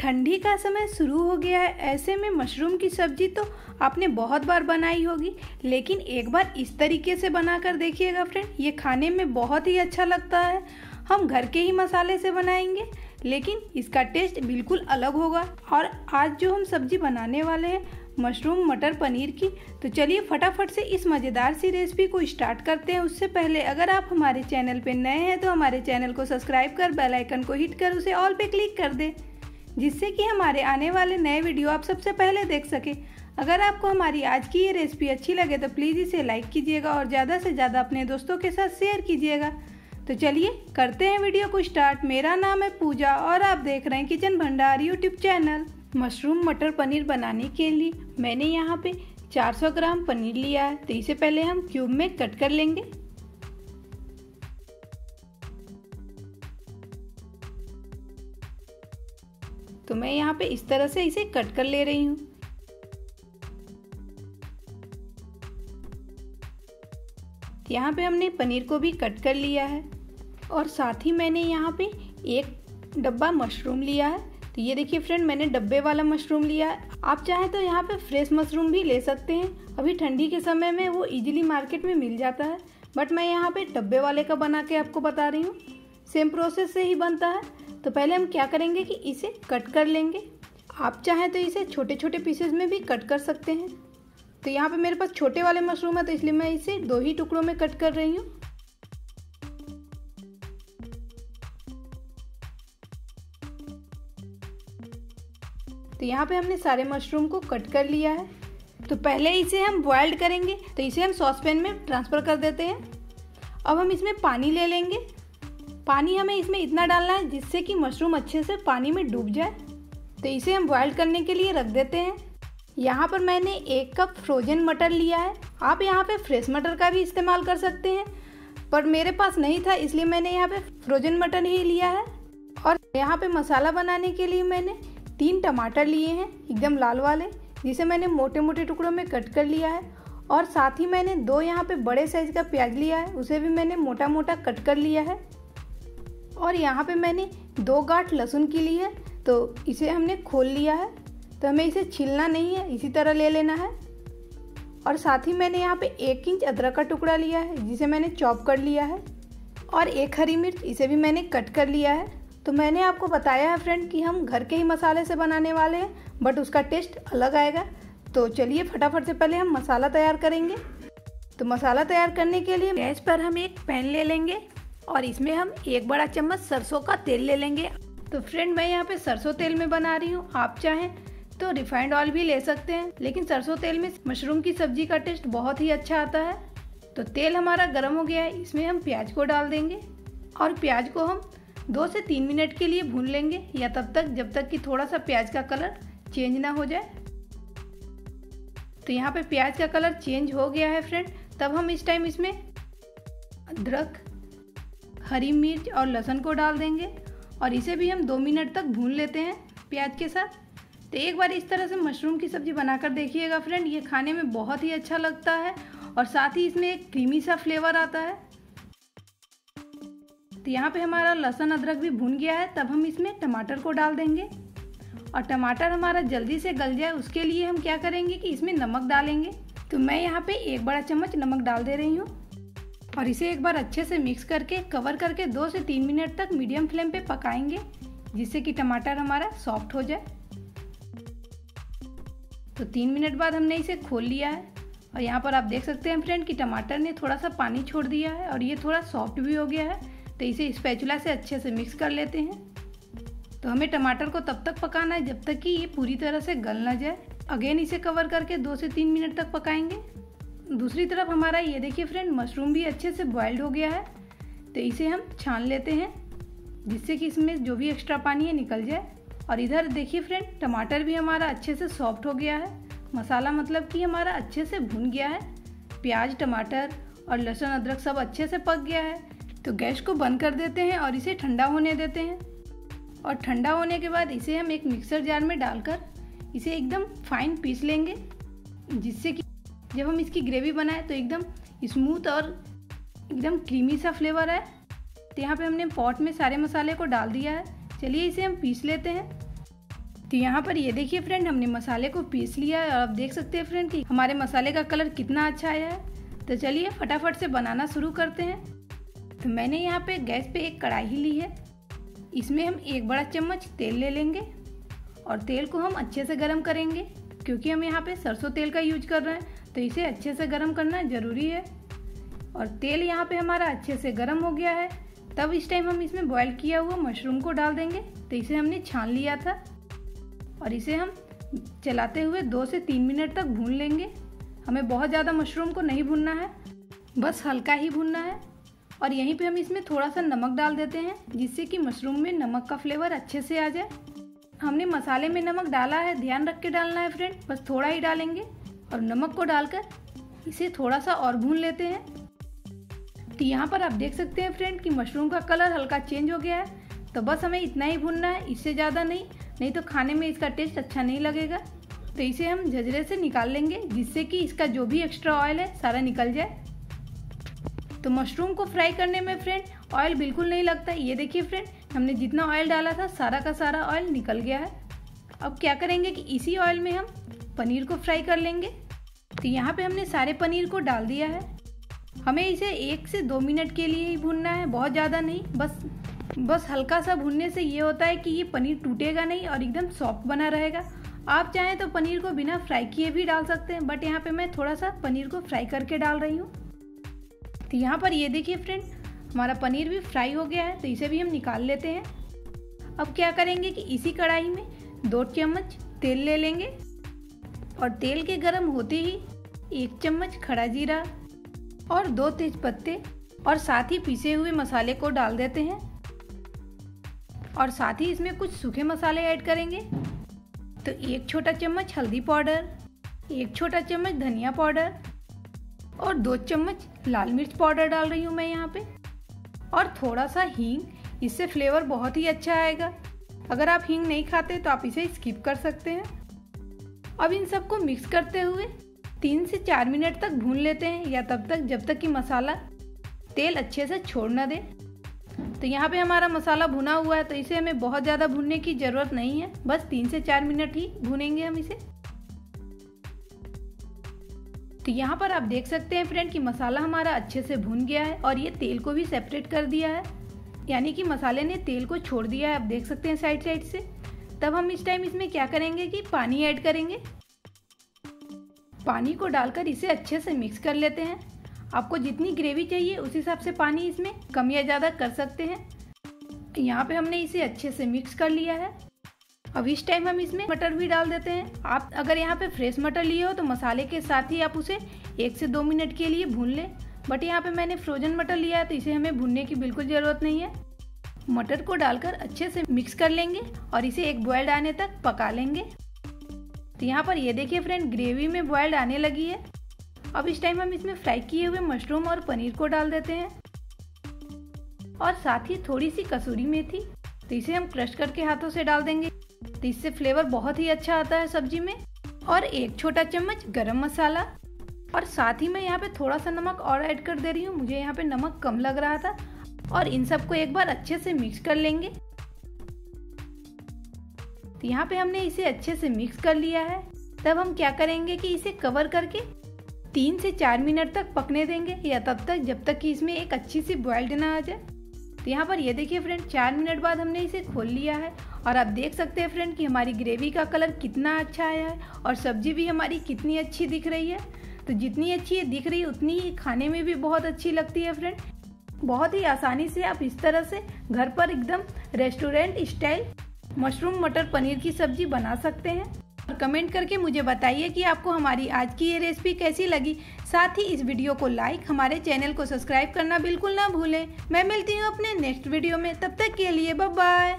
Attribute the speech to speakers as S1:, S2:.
S1: ठंडी का समय शुरू हो गया है ऐसे में मशरूम की सब्जी तो आपने बहुत बार बनाई होगी लेकिन एक बार इस तरीके से बना कर देखिएगा फ्रेंड ये खाने में बहुत ही अच्छा लगता है हम घर के ही मसाले से बनाएंगे लेकिन इसका टेस्ट बिल्कुल अलग होगा और आज जो हम सब्जी बनाने वाले हैं मशरूम मटर पनीर की तो चलिए फटाफट से इस मज़ेदार सी रेसिपी को स्टार्ट करते हैं उससे पहले अगर आप हमारे चैनल पर नए हैं तो हमारे चैनल को सब्सक्राइब कर बेल आइकन को हिट कर उसे ऑल पे क्लिक कर दें जिससे कि हमारे आने वाले नए वीडियो आप सबसे पहले देख सकें अगर आपको हमारी आज की ये रेसिपी अच्छी लगे तो प्लीज़ इसे लाइक कीजिएगा और ज़्यादा से ज़्यादा अपने दोस्तों के साथ शेयर कीजिएगा तो चलिए करते हैं वीडियो को स्टार्ट मेरा नाम है पूजा और आप देख रहे हैं किचन भंडार यूट्यूब चैनल मशरूम मटर पनीर बनाने के लिए मैंने यहाँ पे 400 ग्राम पनीर लिया है तो इसे पहले हम क्यूब में कट कर लेंगे तो मैं यहाँ पे इस तरह से इसे कट कर ले रही हूँ यहाँ पे हमने पनीर को भी कट कर लिया है और साथ ही मैंने यहाँ पे एक डब्बा मशरूम लिया है तो ये देखिए फ्रेंड मैंने डब्बे वाला मशरूम लिया है आप चाहे तो यहाँ पे फ्रेश मशरूम भी ले सकते हैं अभी ठंडी के समय में वो इजीली मार्केट में मिल जाता है बट मैं यहाँ पे डब्बे वाले का बना के आपको बता रही हूँ सेम प्रोसेस से ही बनता है तो पहले हम क्या करेंगे कि इसे कट कर लेंगे आप चाहें तो इसे छोटे छोटे पीसेस में भी कट कर सकते हैं तो यहाँ पे मेरे पास छोटे वाले मशरूम है तो इसलिए मैं इसे दो ही टुकड़ों में कट कर रही हूँ तो यहाँ पे हमने सारे मशरूम को कट कर लिया है तो पहले इसे हम बॉयल्ड करेंगे तो इसे हम सॉस पैन में ट्रांसफ़र कर देते हैं अब हम इसमें पानी ले लेंगे पानी हमें इसमें इतना डालना है जिससे कि मशरूम अच्छे से पानी में डूब जाए तो इसे हम बॉयल करने के लिए रख देते हैं यहाँ पर मैंने एक कप फ्रोजन मटर लिया है आप यहाँ पे फ्रेश मटर का भी इस्तेमाल कर सकते हैं पर मेरे पास नहीं था इसलिए मैंने यहाँ पे फ्रोजन मटर ही लिया है और यहाँ पे मसाला बनाने के लिए मैंने तीन टमाटर लिए हैं एकदम लाल वाले जिसे मैंने मोटे मोटे टुकड़ों में कट कर लिया है और साथ ही मैंने दो यहाँ पे बड़े साइज़ का प्याज लिया है उसे भी मैंने मोटा मोटा कट कर लिया है और यहाँ पे मैंने दो गांठ लहसुन की ली है तो इसे हमने खोल लिया है तो हमें इसे छीलना नहीं है इसी तरह ले लेना है और साथ ही मैंने यहाँ पे एक इंच अदरक का टुकड़ा लिया है जिसे मैंने चॉप कर लिया है और एक हरी मिर्च इसे भी मैंने कट कर लिया है तो मैंने आपको बताया है फ्रेंड कि हम घर के ही मसाले से बनाने वाले हैं बट उसका टेस्ट अलग आएगा तो चलिए फटाफट से पहले हम मसाला तैयार करेंगे तो मसाला तैयार करने के लिए गैस पर हम एक पैन ले लेंगे और इसमें हम एक बड़ा चम्मच सरसों का तेल ले लेंगे तो फ्रेंड मैं यहाँ पे सरसों तेल में बना रही हूँ आप चाहें तो रिफाइंड ऑयल भी ले सकते हैं लेकिन सरसों तेल में मशरूम की सब्जी का टेस्ट बहुत ही अच्छा आता है तो तेल हमारा गर्म हो गया है इसमें हम प्याज को डाल देंगे और प्याज को हम दो से तीन मिनट के लिए भून लेंगे या तब तक जब तक कि थोड़ा सा प्याज का कलर चेंज ना हो जाए तो यहाँ पे प्याज का कलर चेंज हो गया है फ्रेंड तब हम इस टाइम इसमें अदरक हरी मिर्च और लहसुन को डाल देंगे और इसे भी हम दो मिनट तक भून लेते हैं प्याज के साथ तो एक बार इस तरह से मशरूम की सब्ज़ी बनाकर देखिएगा फ्रेंड ये खाने में बहुत ही अच्छा लगता है और साथ ही इसमें एक क्रीमी सा फ्लेवर आता है तो यहाँ पे हमारा लहसुन अदरक भी भून गया है तब हम इसमें टमाटर को डाल देंगे और टमाटर हमारा जल्दी से गल जाए उसके लिए हम क्या करेंगे कि इसमें नमक डालेंगे तो मैं यहाँ पे एक बड़ा चम्मच नमक डाल दे रही हूँ और इसे एक बार अच्छे से मिक्स करके कवर करके दो से तीन मिनट तक मीडियम फ्लेम पे पकाएंगे जिससे कि टमाटर हमारा सॉफ्ट हो जाए तो तीन मिनट बाद हमने इसे खोल लिया है और यहाँ पर आप देख सकते हैं फ्रेंड कि टमाटर ने थोड़ा सा पानी छोड़ दिया है और ये थोड़ा सॉफ्ट भी हो गया है तो इसे स्पैचुला से अच्छे से मिक्स कर लेते हैं तो हमें टमाटर को तब तक पकाना है जब तक कि ये पूरी तरह से गल ना जाए अगेन इसे कवर करके दो से तीन मिनट तक पकाएंगे दूसरी तरफ हमारा ये देखिए फ्रेंड मशरूम भी अच्छे से बॉयल्ड हो गया है तो इसे हम छान लेते हैं जिससे कि इसमें जो भी एक्स्ट्रा पानी है निकल जाए और इधर देखिए फ्रेंड टमाटर भी हमारा अच्छे से सॉफ्ट हो गया है मसाला मतलब कि हमारा अच्छे से भुन गया है प्याज टमाटर और लहसुन अदरक सब अच्छे से पक गया है तो गैस को बंद कर देते हैं और इसे ठंडा होने देते हैं और ठंडा होने के बाद इसे हम एक मिक्सर जार में डालकर इसे एकदम फाइन पीस लेंगे जिससे कि जब हम इसकी ग्रेवी बनाएं तो एकदम स्मूथ और एकदम क्रीमी सा फ्लेवर है तो यहाँ पे हमने पॉट में सारे मसाले को डाल दिया है चलिए इसे हम पीस लेते हैं तो यहाँ पर ये देखिए फ्रेंड हमने मसाले को पीस लिया है और आप देख सकते हैं फ्रेंड कि हमारे मसाले का कलर कितना अच्छा आया है तो चलिए फटाफट से बनाना शुरू करते हैं तो मैंने यहाँ पे गैस पे एक कढ़ाई ली है इसमें हम एक बड़ा चम्मच तेल ले लेंगे और तेल को हम अच्छे से गर्म करेंगे क्योंकि हम यहाँ पे सरसों तेल का यूज कर रहे हैं तो इसे अच्छे से गर्म करना ज़रूरी है और तेल यहाँ पे हमारा अच्छे से गर्म हो गया है तब इस टाइम हम इसमें बॉईल किया हुआ मशरूम को डाल देंगे तो इसे हमने छान लिया था और इसे हम चलाते हुए दो से तीन मिनट तक भून लेंगे हमें बहुत ज़्यादा मशरूम को नहीं भूनना है बस हल्का ही भूनना है और यहीं पे हम इसमें थोड़ा सा नमक डाल देते हैं जिससे कि मशरूम में नमक का फ्लेवर अच्छे से आ जाए हमने मसाले में नमक डाला है ध्यान रख के डालना है फ्रेंड बस थोड़ा ही डालेंगे और नमक को डालकर इसे थोड़ा सा और भून लेते हैं तो यहाँ पर आप देख सकते हैं फ्रेंड कि मशरूम का कलर हल्का चेंज हो गया है तो बस हमें इतना ही भूनना है इससे ज़्यादा नहीं नहीं तो खाने में इसका टेस्ट अच्छा नहीं लगेगा तो इसे हम झजरे से निकाल लेंगे जिससे कि इसका जो भी एक्स्ट्रा ऑयल है सारा निकल जाए तो मशरूम को फ्राई करने में फ्रेंड ऑयल बिल्कुल नहीं लगता ये देखिए फ्रेंड हमने जितना ऑयल डाला था सारा का सारा ऑयल निकल गया है अब क्या करेंगे कि इसी ऑयल में हम पनीर को फ्राई कर लेंगे तो यहाँ पे हमने सारे पनीर को डाल दिया है हमें इसे एक से दो मिनट के लिए ही भूनना है बहुत ज़्यादा नहीं बस बस हल्का सा भूनने से ये होता है कि ये पनीर टूटेगा नहीं और एकदम सॉफ्ट बना रहेगा आप चाहें तो पनीर को बिना फ्राई किए भी डाल सकते हैं बट यहाँ पे मैं थोड़ा सा पनीर को फ्राई करके डाल रही हूँ तो यहाँ पर ये देखिए फ्रेंड हमारा पनीर भी फ्राई हो गया है तो इसे भी हम निकाल लेते हैं अब क्या करेंगे कि इसी कढ़ाई में दो चम्मच तेल ले लेंगे और तेल के गर्म होते ही एक चम्मच खड़ा जीरा और दो तेज पत्ते और साथ ही पीसे हुए मसाले को डाल देते हैं और साथ ही इसमें कुछ सूखे मसाले ऐड करेंगे तो एक छोटा चम्मच हल्दी पाउडर एक छोटा चम्मच धनिया पाउडर और दो चम्मच लाल मिर्च पाउडर डाल रही हूँ मैं यहाँ पे और थोड़ा सा हींग इससे फ्लेवर बहुत ही अच्छा आएगा अगर आप हींग नहीं खाते तो आप इसे स्किप कर सकते हैं अब इन सबको मिक्स करते हुए तीन से चार मिनट तक भून लेते हैं या तब तक जब तक कि मसाला तेल अच्छे से छोड़ ना दे तो यहाँ पे हमारा मसाला भुना हुआ है तो इसे हमें बहुत ज़्यादा भूनने की ज़रूरत नहीं है बस तीन से चार मिनट ही भूनेंगे हम इसे तो यहाँ पर आप देख सकते हैं फ्रेंड कि मसाला हमारा अच्छे से भून गया है और ये तेल को भी सेपरेट कर दिया है यानी कि मसाले ने तेल को छोड़ दिया है आप देख सकते हैं साइड साइड से तब हम इस टाइम इसमें क्या करेंगे कि पानी ऐड करेंगे पानी को डालकर इसे अच्छे से मिक्स कर लेते हैं आपको जितनी ग्रेवी चाहिए उस हिसाब से पानी इसमें कम या ज़्यादा कर सकते हैं यहाँ पे हमने इसे अच्छे से मिक्स कर लिया है अब इस टाइम हम इसमें मटर भी डाल देते हैं आप अगर यहाँ पे फ्रेश मटर लिए हो तो मसाले के साथ ही आप उसे एक से दो मिनट के लिए भून लें बट यहाँ पे मैंने फ्रोजन मटर लिया है तो इसे हमें भूनने की बिल्कुल ज़रूरत नहीं है मटर को डालकर अच्छे से मिक्स कर लेंगे और इसे एक बॉयल्ड आने तक पका लेंगे तो यहाँ पर ये देखिए फ्रेंड ग्रेवी में बॉयल्ड आने लगी है अब इस टाइम हम इसमें फ्राई किए हुए मशरूम और पनीर को डाल देते हैं और साथ ही थोड़ी सी कसूरी मेथी तो इसे हम क्रश करके हाथों से डाल देंगे तो इससे फ्लेवर बहुत ही अच्छा आता है सब्जी में और एक छोटा चम्मच गरम मसाला और साथ ही मैं यहाँ पे थोड़ा सा नमक और ऐड कर दे रही हूँ मुझे यहाँ पे नमक कम लग रहा था और इन सबको एक बार अच्छे से मिक्स कर लेंगे तो यहाँ पे हमने इसे अच्छे से मिक्स कर लिया है तब हम क्या करेंगे कि इसे कवर करके तीन से चार मिनट तक पकने देंगे या तब तक जब तक कि इसमें एक अच्छी सी बॉइल्ड ना आ जाए तो यहाँ पर ये देखिए फ्रेंड चार मिनट बाद हमने इसे खोल लिया है और आप देख सकते हैं फ्रेंड कि हमारी ग्रेवी का कलर कितना अच्छा आया है और सब्जी भी हमारी कितनी अच्छी दिख रही है तो जितनी अच्छी ये दिख रही है उतनी ही खाने में भी बहुत अच्छी लगती है फ्रेंड बहुत ही आसानी से आप इस तरह से घर पर एकदम रेस्टोरेंट स्टाइल मशरूम मटर पनीर की सब्जी बना सकते हैं और कमेंट करके मुझे बताइए कि आपको हमारी आज की ये रेसिपी कैसी लगी साथ ही इस वीडियो को लाइक हमारे चैनल को सब्सक्राइब करना बिल्कुल ना भूलें मैं मिलती हूँ अपने नेक्स्ट वीडियो में तब तक के लिए बाय